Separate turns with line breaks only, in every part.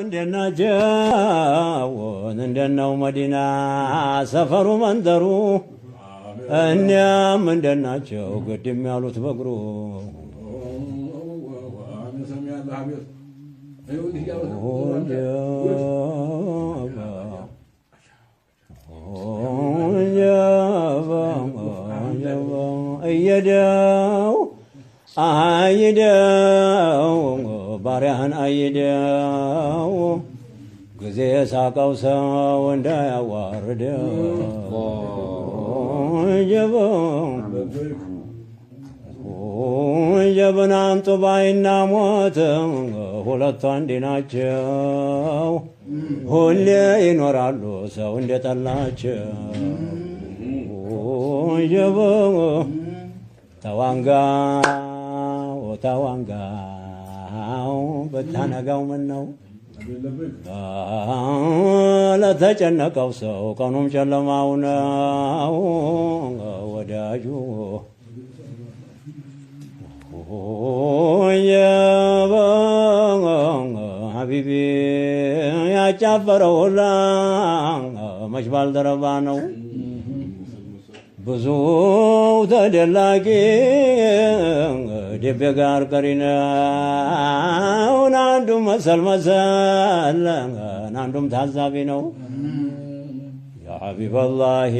እንደናጀውን እንደናው መዲና ሰፈሩ መንደሩ እኒያም እንደናቸው ግድም ያሉት በእግሩ እየዳ አይደው ባሪያን አይደው ጊዜ ሳቀው ሰው ጀብን አምጡ ባይና ሞት ሁለቱ አንድ ናቸው። ሁሌ ይኖራሉ ሰው እንደጠላቸው ጀብ ተዋንጋ በታዋንጋው በታነጋው ምን ነው ለተጨነቀው ሰው ቀኑም ጨለማው ነው ወዳጁ ሀቢቢ ያጫፈረው ሁላ መች ባልደረባ ነው። ብዙ ተደላቂ ድቤ ጋር ቀሪነው አንዱም መሰል መሰል አንዱም ታዛቢ ነው። የሐቢበላህ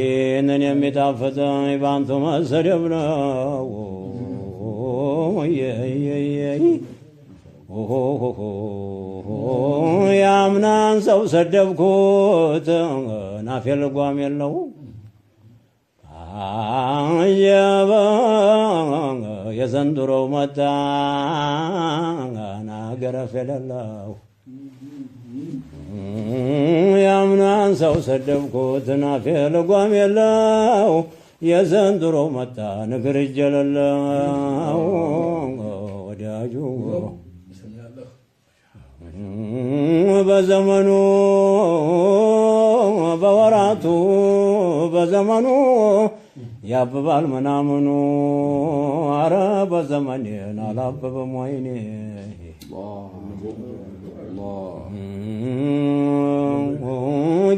ንን የሚጣፍጥ ባንቱ መሰደብ ነው። ያምናን ሰው ሰደብኩት ናፌ ልጓም የለው የዘንድሮው መጣ ናገረፍ የሌለው ያምናን ሰው ሰደብኩት ናፌ ልጓም የለው የዘንድሮ መጣ ንግር እጅ የሌለው ወዳጁ በዘመኑ በወራቱ በዘመኑ ያብባል ምናምኑ አረ በዘመኔ አላበበም ወይኔ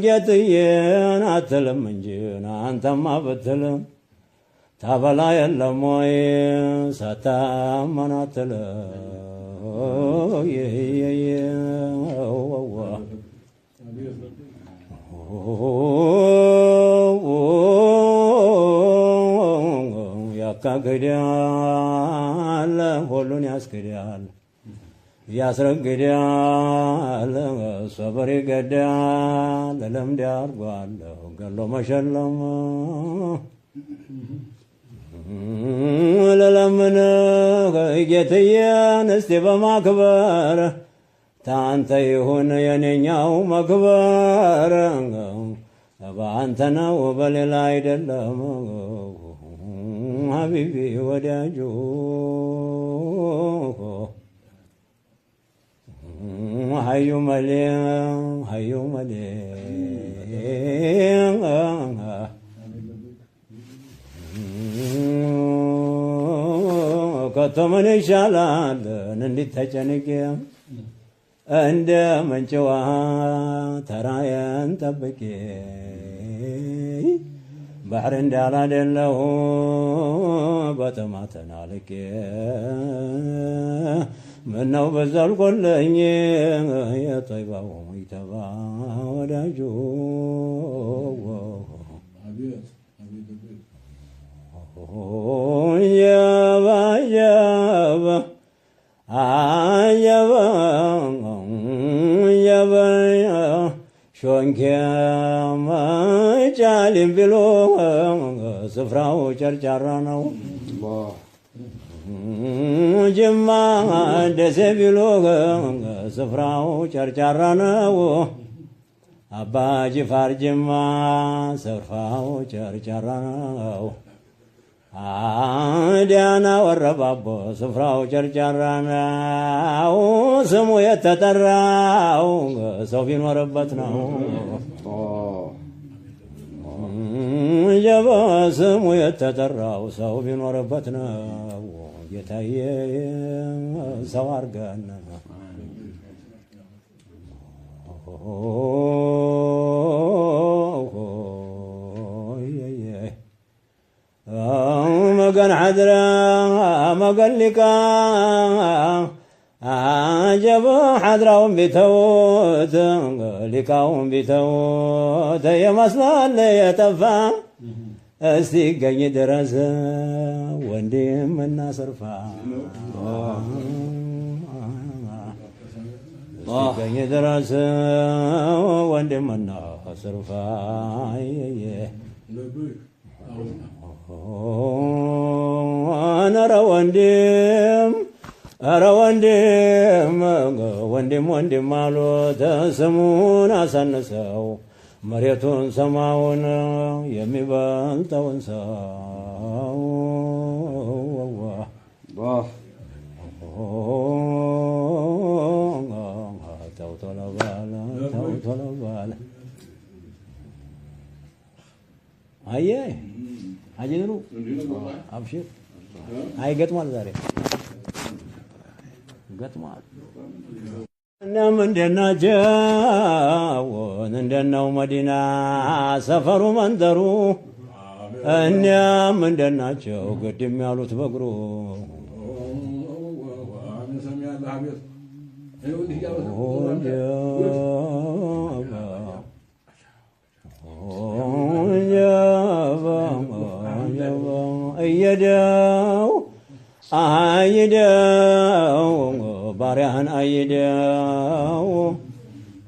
ጌትዬን አትልም እንጂ አንተማ ብትልም ታበላ የለም ወይ ሳታመን አትልም ለካ ክዳል ሁሉን ያስክዳል ያስረግዳል ሰበሬ ገዳል ለምድ አርጓለሁ ገሎ መሸለም ለለምን ጌትዬን እስቲ በማክበር ታንተ ይሁን የኔኛው መክበር በአንተ ነው በሌላ አይደለም ሀቢቢ ወዳጁ ሀዩ መሌ ሀዩ መሌ ከተምን ይሻላል እንዲህ ተጨንቄ እንደ ምንጭ ውሃ ተራዬን ጠብቄ ባሕር እንዳላደለሁ አደለሁ በጥማት ተናልቄ ምነው በዛልቆለኝ የጠይባው ይተባ ወዳጁ የባ የባ አየባ የባ ሾንኬ መጫሊም ቢሎ ስፍራው ጨርጫራ ነው። ጅማ ደሴ ቢሎ ስፍራው ጨርጫራ ነው። አባ ጅፋር ጅማ ስፍራው ጨርጫራ ነው። አዲያና ወረባቦ ስፍራው ጨርጨራናው ስሙ የተጠራው ሰው ቢኖርበት ነው። ጀበ ስሙ የተጠራው ሰው ቢኖርበት ነው። ጌታዬ ሰው አርገን አድራ መገልቃ አጀቦ ሓድራውን ቢተውት ገሊካውን ቢተውት የመስላለ የጠፋ እስቲ ገኝ ድረስ ወንድም እናስርፋ ገኝ ድረስ ወንድም እናስርፋ አማን ኧረ ወንድም ኧረ ወንድም ወንድም ወንድም አሉት ስሙን አሳንሰው መሬቱን ሰማውን የሚበልጠውን ሰው አየ አጀሩ አብሽር አይ ገጥሟል። ዛሬ ገጥሟል። እናም መዲና ሰፈሩ መንደሩ እኛም እንደናቸው ግድም ያሉት በእግሩ እየደው አይደው ባሪያን አይደው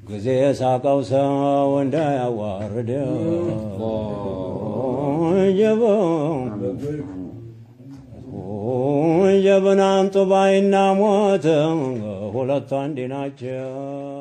ጊዜ ሳቀው ሰው እንዳያዋርደው ጀበናን ጡባይና ሞት ሁለቱ አንድ ናቸው።